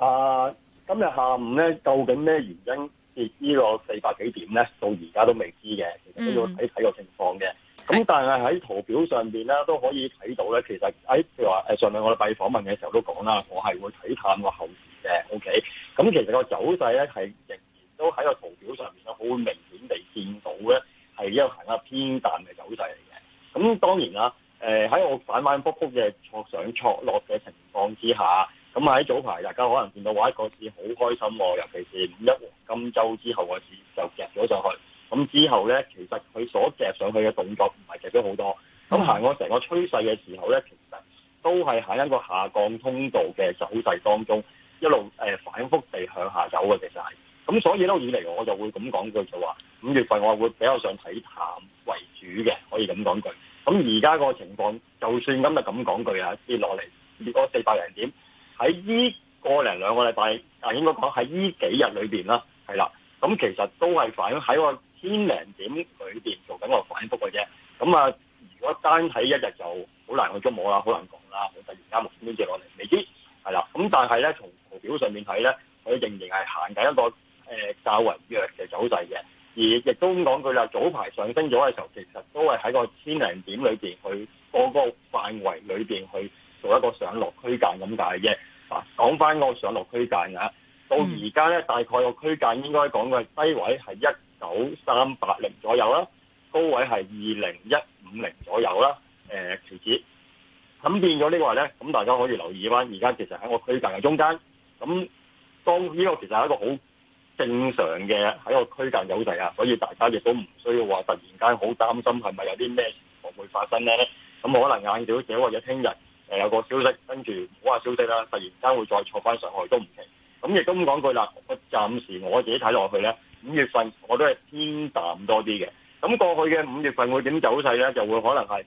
啊，今日下午咧，究竟咩原因跌呢個四百幾點咧？到而家都未知嘅，其實都要睇睇個情況嘅。咁、mm hmm. 嗯、但係喺圖表上面咧都可以睇到咧，其實喺譬如話上兩日我哋閉訪問嘅時候都講啦，我係會睇探個後市嘅。O K，咁其實個走勢咧係仍然都喺個圖表上面呢，咧好明顯地見到咧係一個行得偏淡嘅走勢嚟嘅。咁、嗯、當然啦、啊，喺、呃、我反反覆覆嘅挫上挫落嘅情況之下。咁喺早排，大家可能見到話一個市好開心、啊，尤其是五一黃金周之後個市就夾咗上去。咁之後咧，其實佢所夾上去嘅動作唔係夾咗好多。咁行過成個趨勢嘅時候咧，其實都係喺一個下降通道嘅走勢當中，一路、呃、反覆地向下走嘅，其實係。咁所以都以嚟我就會咁講句就話，五月份我會比較想睇淡為主嘅，可以咁講句。咁而家個情況，就算今日咁講句啊，跌落嚟跌個四百零點。喺依個零兩個禮拜，啊應該講喺依幾日裏面啦，係啦，咁其實都係反映喺個千零點裏面做緊個反覆嘅啫。咁啊，如果單睇一日就好難去捉摸啦，好難講啦，好突然間冇乜嘢落嚟未知，係啦。咁但係咧，從圖表上面睇咧，佢仍然係行緊一個誒、呃、較為弱嘅走勢嘅。而亦都咁講句啦，早排上升咗嘅時候，其實都係喺個千零點裏面去嗰個範圍裏面去做一個上落區間咁解嘅。講翻個上落區間噶到而家咧，大概個區間應該講嘅低位係一九三八零左右啦，高位係二零一五零左右啦，誒、呃，截子咁變咗呢個話咧，咁大家可以留意翻，而家其實喺個區間嘅中間。咁當呢個其實係一個好正常嘅喺個區間有呀，所以大家亦都唔需要話突然間好擔心係咪有啲咩情況會發生咧。咁可能眼小者或者聽日。呃、有個消息，跟住唔好話消息啦，突然間會再錯翻上去都唔奇。咁亦都咁講句啦，暫時我自己睇落去咧，五月份我都係偏淡多啲嘅。咁過去嘅五月份會點走勢咧，就會可能係、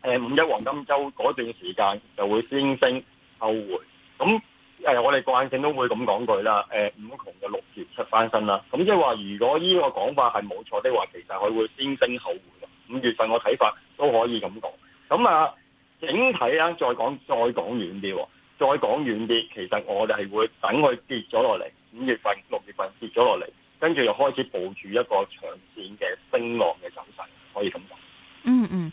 呃、五一黃金周嗰段時間就會先升後回。咁、呃、我哋慣性都會咁講句啦、呃。五窮嘅六月出翻身啦。咁即係話，如果呢個講法係冇錯的話，其實佢會先升後回嘅。五月份我睇法都可以咁講。咁啊～整體啊，再講再講遠啲，再講遠啲，其實我哋係會等佢跌咗落嚟，五月份、六月份跌咗落嚟，跟住又開始抱住一個長線嘅升浪嘅走勢，可以咁講。嗯，嗯嗯。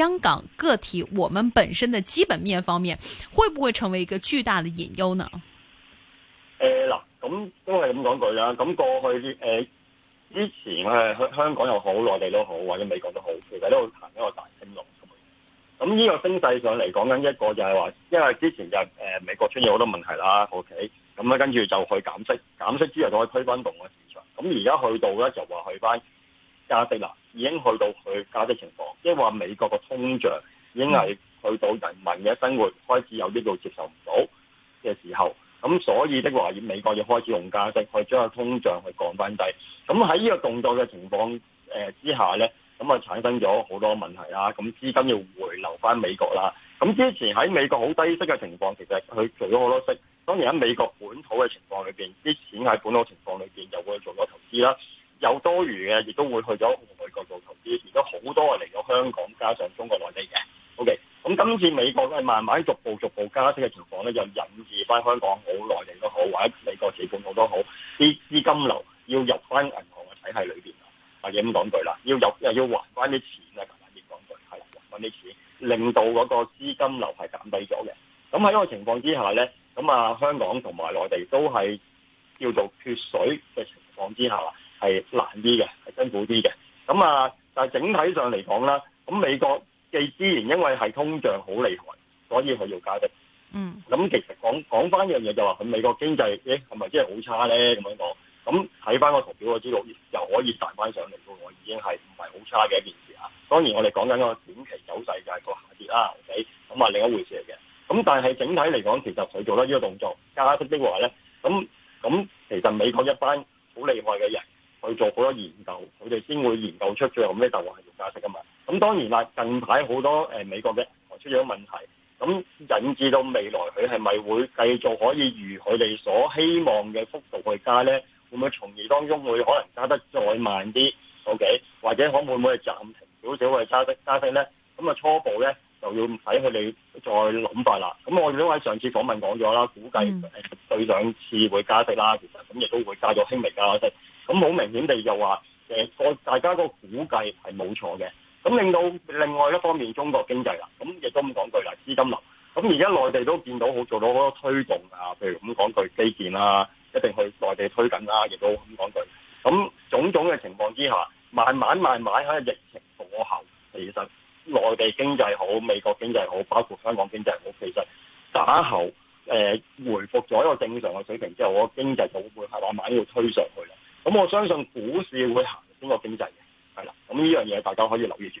香港個體，我們本身的基本面方面，會不會成為一個巨大的隱憂呢？誒嗱、呃，咁都係咁講句啦，咁過去誒、呃、之前我香港又好，內地都好，或者美國都好，其實都行一個大升浪咁。呢、嗯，這個升勢上嚟講緊一個就係話，因為之前就誒、是呃、美國出現好多問題啦，O K，咁咧跟住就去減息，減息之後就可以推翻動嘅市場，咁而家去到咧就話去翻加息啦。已經去到去加息情況，即係話美國個通脹已經係去到人民嘅生活開始有呢度接受唔到嘅時候，咁所以的話，而美國要開始用加息去將個通脹去降翻低。咁喺呢個動作嘅情況誒之下咧，咁啊產生咗好多問題啦。咁資金要回流翻美國啦。咁之前喺美國好低息嘅情況，其實佢做咗好多息。當然喺美國本土嘅情況裏邊，啲錢喺本土的情況裏邊又會做咗投資啦，有多餘嘅亦都會去咗。外投資嚟咗好多，嚟咗香港加上中國內地嘅。O K.，咁今次美國咧慢慢逐步逐步加息嘅情況咧，又引致翻香港好內地都好，或者美國資本好多好啲資金流要入翻銀行嘅體系裏邊啊，啊咁唔講句啦，要入又要還翻啲錢啊。啊嘢唔講句，係還翻啲錢，令到嗰個資金流係減低咗嘅。咁喺呢個情況之下咧，咁啊香港同埋內地都係叫做缺水嘅情況之下，係難啲嘅，係辛苦啲嘅。整體上嚟講啦，咁美國既，雖然因為係通脹好厲害，所以佢要加息。嗯，咁其實講講翻一樣嘢就話，美國經濟誒係咪真係好差咧？咁樣講，咁睇翻個圖表我就知道又可以彈翻上嚟嘅，我已經係唔係好差嘅一件事啊。當然我哋講緊個短期走勢就係個下跌啦，OK？咁啊另一回事嚟嘅。咁但係整體嚟講，其實佢做得呢個動作加息的話咧，咁咁其實美國一班好厲害嘅人，做好多研究，佢哋先會研究出最後咩答案係要加息噶嘛。咁當然啦，近排好多誒美國嘅銀行出咗問題，咁引致到未來佢係咪會繼續可以如佢哋所希望嘅幅度去加咧？會唔會從而當中會可能加得再慢啲？o k 或者可會唔會暫停少少去加息加息咧？咁啊，初步咧就要唔使佢哋再諗法啦。咁我亦都喺上次訪問講咗啦，估計對上次會加息啦，咁亦都會加咗輕微加息。咁好明顯地就話，大家個估計係冇錯嘅。咁令到另外一方面，中國經濟啦，咁亦都咁講句啦，資金流。咁而家內地都見到好做到好多推動啊，譬如咁講句基建啦，一定去內地推緊啦，亦都咁講句。咁種種嘅情況之下，慢慢慢慢喺疫情過後，其實內地經濟好，美國經濟好，包括香港經濟好，其實打後誒回復咗一個正常嘅水平之後，我、那個、經濟就會會慢慢要推上去啦。咁我相信股市會行中國經濟嘅，係啦。咁呢樣嘢大家可以留意住。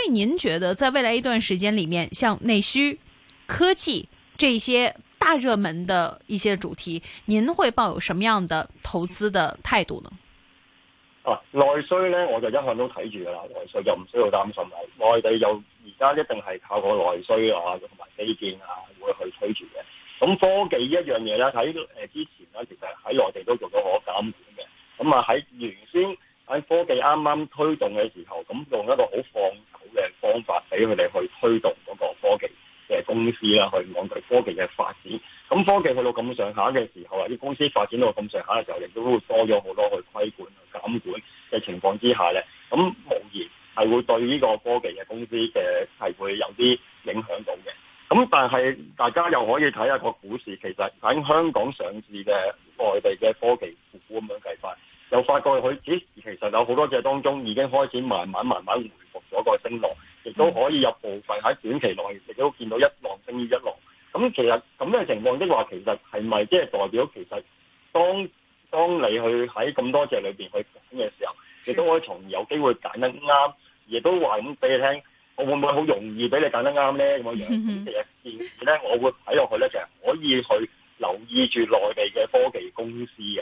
所以您覺得在未來一段時間裏面，像內需、科技這些大熱門的一些主題，您會抱有什麼樣的投資的態度呢？啊，內需咧，我就一向都睇住㗎啦，內需就唔需要擔心啦。內地又而家一定係靠個內需啊，同埋基建啊會去推住嘅。咁科技一樣嘢咧，喺誒之前咧，其實喺內地都做咗可監管嘅。咁啊喺原先。喺科技啱啱推動嘅時候，咁用一個好放手嘅方法，俾佢哋去推動嗰個科技嘅公司啦，去按佢科技嘅發展。咁科技去到咁上下嘅時候，啊啲公司發展到咁上下嘅時候，亦都會多咗好多去規管、去監管嘅情況之下咧，咁無疑係會對呢個科技嘅公司嘅係會有啲影響到嘅。咁但係大家又可以睇下個股市，其實喺香港上市嘅內地嘅科技股咁樣計法。有發覺佢其實有好多隻當中已經開始慢慢慢慢回復咗個升浪，亦都可以有部分喺短期內亦都見到一浪勝於一浪。咁其實咁嘅情況的話，其實係咪即係代表其實當當你去喺咁多隻裏邊去揀嘅時候，亦都可以從而有機會揀得啱，亦都話咁俾你聽，我會唔會好容易俾你揀得啱咧？咁樣其實件事咧，我會睇落去咧就係可以去留意住內地嘅科技公司嘅。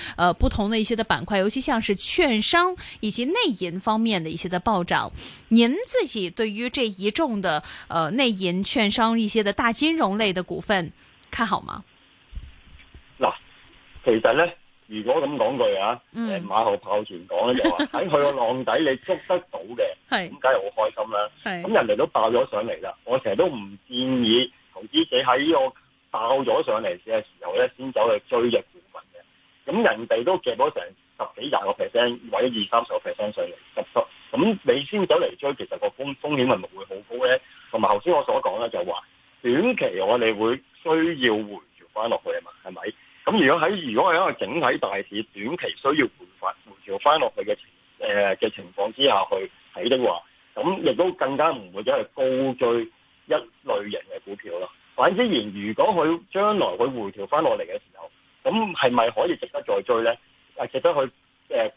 呃，不同的一些的板塊，尤其像是券商以及內銀方面的一些的暴漲，您自己對於這一眾的呃內銀、券商一些的大金融類的股份看好嗎？嗱，其實呢，如果咁講句啊，誒、嗯，馬後炮全講呢，就話喺佢個浪底你捉得到嘅，咁梗係好開心啦、啊。咁是人哋都爆咗上嚟啦，我成日都唔建議投資者喺呢個爆咗上嚟嘅時候咧，先走去追嘅。咁人哋都夾到成十幾廿個 percent，或者二三十個 percent 上嚟，咁你先走嚟追，其實個風風險係咪會好高咧？同埋頭先我所講咧，就話短期我哋會需要回調翻落去啊嘛，係咪？咁如果喺如果係一個整體大市短期需要回發回調翻落去嘅情誒嘅情況之下去睇的話，咁亦都更加唔會再係高追一類型嘅股票咯。反之言，如果佢將來會回調翻落嚟嘅時候，咁係咪可以值得再追咧？啊，值得去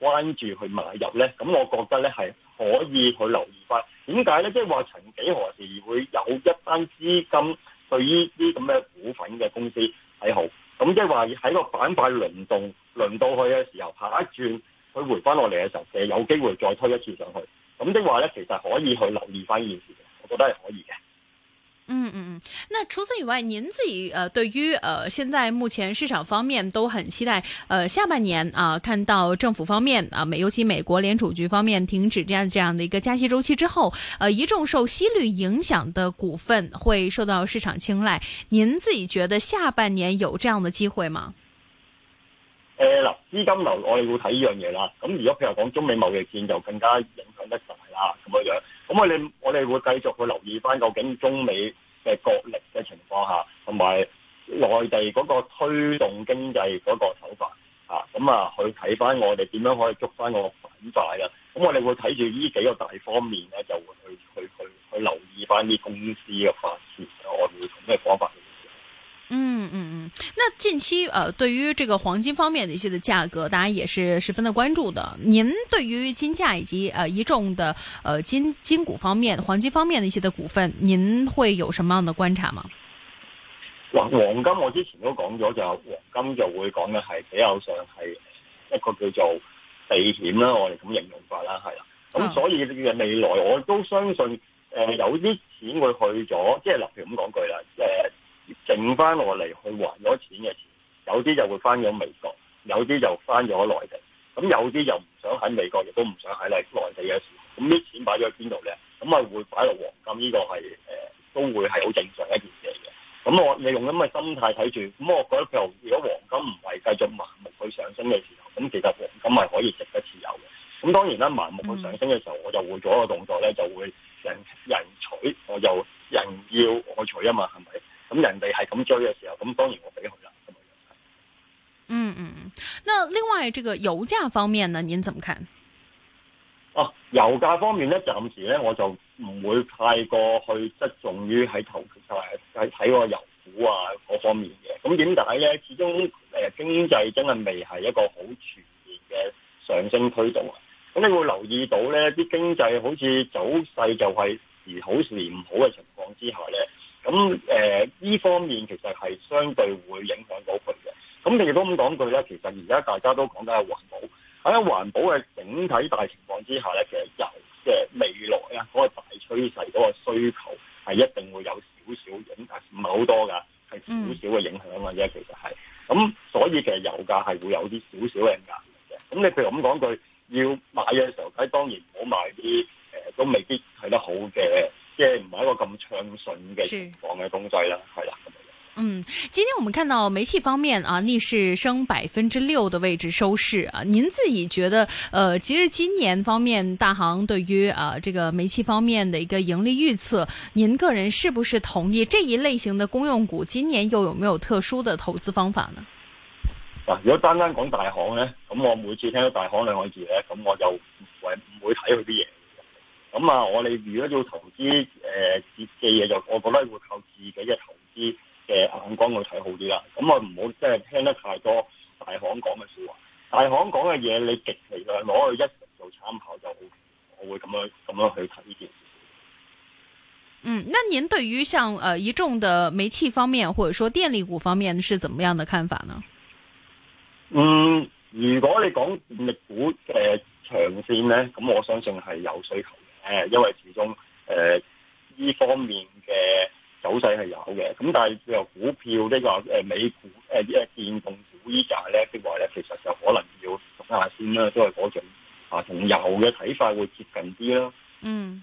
關注去買入咧？咁我覺得咧係可以去留意翻。點解咧？即係話曾幾何時會有一單資金對呢啲咁嘅股份嘅公司睇好？咁即係話喺個板塊輪動輪到去嘅時候，下一轉佢回翻落嚟嘅時候，就有機會再推一次上去。咁即係話咧，其實可以去留意翻呢件事嘅，我覺得係可以嘅。嗯嗯嗯，那除此以外，您自己呃對於呃現在目前市場方面都很期待呃下半年啊，呃，看到政府方面啊尤其美國聯儲局方面停止這樣這樣的一個加息週期之後，呃一眾受息率影響的股份會受到市場青睞，您自己覺得下半年有這樣的機會嗎？誒，嗱，資金流我哋會睇呢樣嘢啦，咁如果譬如講中美貿易戰就更加影響得大啦，咁樣樣。咁我哋我哋會繼續去留意翻究竟中美嘅角力嘅情況下，同埋內地嗰個推動經濟嗰個手法啊，咁啊去睇翻我哋點樣可以捉翻個板塊啊。咁我哋會睇住呢幾個大方面咧，就會去去去去留意翻啲公司嘅發展我外匯同咩方法？嗯嗯嗯，那近期，呃，對於這個黃金方面的一些的價格，大家也是十分的關注的。您對於金價以及，呃，一眾的，呃，金金股方面、黃金方面的一些的股份，您會有什麼樣的觀察嗎？黃、呃、黃金，我之前都講咗，就黃金就會講嘅係比較上係一個叫做避險啦，我哋咁形容法啦，係啦。咁所以未來，我都相信，誒、呃，有啲錢會去咗，即係例如咁講句啦，誒、呃。剩翻落嚟去還咗錢嘅錢，有啲就會翻咗美國，有啲就翻咗內地，咁有啲又唔想喺美國，亦都唔想喺嚟內地嘅時候，咁啲錢擺咗喺邊度咧？咁啊會擺落黃金這是，呢個係誒都會係好正常一件嘢嘅。咁我你用咁嘅心態睇住，咁我覺得譬如如果黃金唔係繼續盲目去上升嘅時候，咁其實黃金係可以值得持有嘅。咁當然啦，盲目去上升嘅時候，我就會做一個動作咧，就會人人取，我就人要我取啊嘛。咁人哋係咁追嘅時候，咁當然我俾佢啦。嗯嗯，那另外這個油價方面呢，您怎麼看？哦、啊，油價方面呢，暫時呢，我就唔會太過去側重於喺頭，就係喺睇個油股啊嗰方面嘅。咁點解呢？始終誒經濟真係未係一個好全面嘅上升推動。咁你會留意到呢啲經濟好似走勢就係時好時唔好嘅情況之下呢。咁誒，呢方面其實係相對會影響到佢嘅。咁你亦都咁講句咧，其實而家大家都講緊係環保，喺環保嘅整體大情況之下咧，其實油即係未來啊嗰個大趨勢嗰個需求係一定會有少少影響，唔係好多㗎，係少少嘅影響啊嘛。其實係咁，所以其實油價係會有啲少少嘅壓力嘅。咁你譬如咁講句。即係唔係一個咁暢順嘅情況嘅東西啦，係啦是，嗯，今天我們看到煤氣方面啊逆市升百分之六的位置收市啊，您自己覺得，呃，其實今年方面大行對於啊這個煤氣方面的一個盈利預測，您個人是不是同意？這一類型的公用股今年又有沒有特殊的投資方法呢？嗱，如果單單講大行呢，咁我每次聽到大行兩個字呢，咁我就唔會唔會睇佢啲嘢。咁啊，我哋如果要投資誒嘅嘢，就我覺得會靠自己嘅投資嘅眼光去睇好啲啦。咁啊，唔好即係聽得太多大行講嘅説話，大行講嘅嘢你極其量攞去一齊做參考就好。我會咁樣咁樣去睇呢件事。嗯，那您對於像呃一眾的煤氣方面，或者說電力股方面，是怎麼樣嘅看法呢？嗯，如果你講電力股嘅長線咧，咁我相信係有需求。誒，因為始終誒呢、呃、方面嘅走勢係有嘅，咁但係譬如股票呢、這個誒美股誒一、這個、電動股呢依家咧，的話咧其實就可能要等下先啦，都係嗰種啊，同油嘅睇法會接近啲囉。嗯。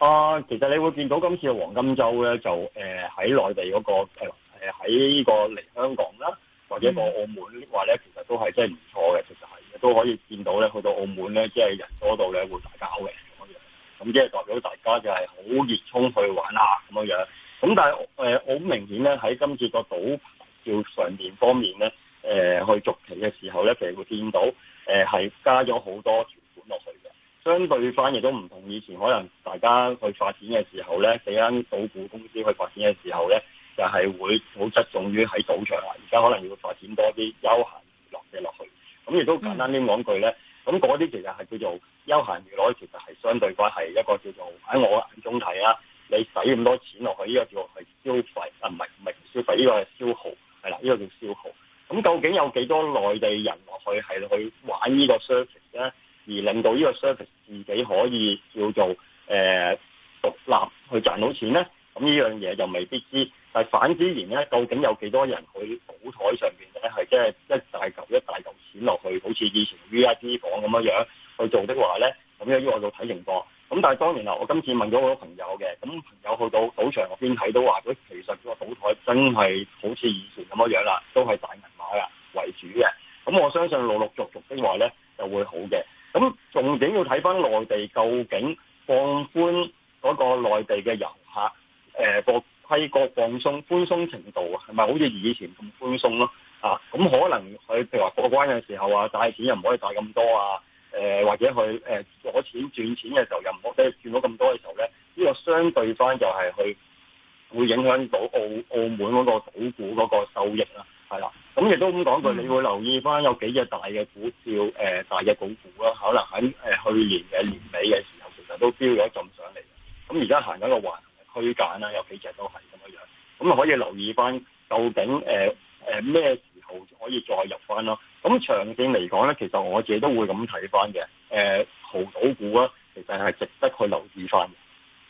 啊，其實你會見到今次嘅黃金周咧，就誒喺、呃、內地嗰、那個誒喺呢個嚟香港啦，或者個澳門話呢，或者其實都係真係唔錯嘅，其實係都，都可以見到咧，去到澳門咧，即係人多到咧會打交嘅咁樣，咁即係代表大家就係好熱衷去玩啊。咁樣。咁但係誒好明顯咧，喺今次個賭照上面方面咧，誒、呃、去續期嘅時候咧，其實會見到誒係、呃、加咗好多條款落去。相對翻亦都唔同以前，可能大家去發展嘅時候咧，俾間賭股公司去發展嘅時候咧，就係、是、會好側重於喺賭場啦。而家可能要發展多啲休閒娛樂嘅落去。咁、嗯、亦都簡單啲講句咧，咁嗰啲其實係叫做休閒娛樂，其實係相對講係一個叫做喺我眼中睇啦。你使咁多錢落去，呢、呢個叫係消費，啊唔係唔係消費，呢、呢個係消耗，係啦，呢、呢個叫消耗。咁、嗯、究竟有幾多內地人落去係去玩呢個 service 而令到呢個 service 自己可以叫做誒、呃、獨立去賺到錢咧，咁呢樣嘢就未必知。但係反之然咧，究竟有幾多人去賭台上邊咧係即係一大嚿一大嚿錢落去，好似以前 VIP 房咁樣樣去做的話咧，咁呢我要睇情況。咁但係當然啦，我今次問咗好多朋友嘅，咁朋友去到賭場入邊睇都話，佢其實個賭台真係好似以前咁樣樣啦，都係大銀碼啦為主嘅。咁我相信陸陸續續的話咧，就會好嘅。咁重點要睇翻內地究竟放寬嗰個內地嘅遊客，誒個規格放鬆寬鬆程度啊，係咪好似以前咁寬鬆咯啊！咁、啊、可能佢譬如話過關嘅時候啊，帶錢又唔可以帶咁多啊，呃、或者佢攞、呃、錢轉錢嘅時候又唔可以轉到咁多嘅時候咧，呢、呢個相對翻就係去會影響到澳澳門嗰個賭股嗰個收益啦、啊。咁亦都咁講句，你會留意翻有幾隻大嘅股票，呃、大嘅股股啦，可能喺去年嘅年尾嘅時候，其實都飆咗一陣上嚟嘅。咁而家行緊個個橫嘅區間啦，有幾隻都係咁樣咁咁可以留意翻究竟咩時候可以再入翻咯。咁長線嚟講咧，其實我自己都會咁睇翻嘅。濠賭股啊，其實係值得去留意翻。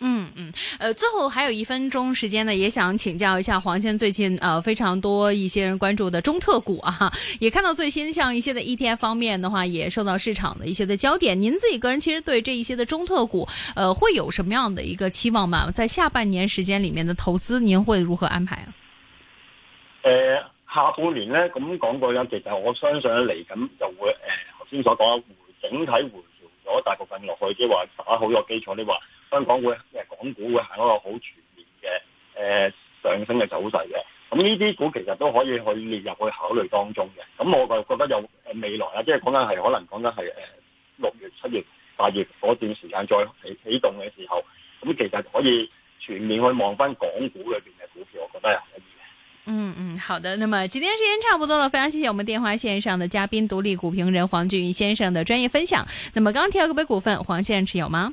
嗯嗯，呃，最後還有一分鐘時間呢，也想請教一下黃先生最近呃、非常多一些人關注的中特股啊，也看到最新像一些的 ETF 方面的話，也受到市場的一些的焦點。您自己個人其實對這一些的中特股，呃，會有什麼樣的一個期望嗎？在下半年時間裏面的投資，您會如何安排啊？呃，下半年呢，咁講過咧，其實我相信嚟緊就會呃、頭先所講，整體回調咗大部分落去，即話打好咗基礎，你話。香港會誒港股會行一個好全面嘅誒、呃、上升嘅走勢嘅，咁呢啲股其實都可以去列入去考慮當中嘅。咁、嗯、我誒覺得有誒、呃、未來啦，即係講緊係可能講緊係誒六月、七月、八月嗰段時間再起起動嘅時候，咁、嗯、其實可以全面去望翻港股裏邊嘅股票，我覺得係可以嘅。嗯嗯，好的。那麼今天時間差唔多啦，非常謝謝我們電話線上的嘉賓、獨立股評人黃竣渝先生嘅專業分享。那麼剛剛提到個別股份，黃先生持有嗎？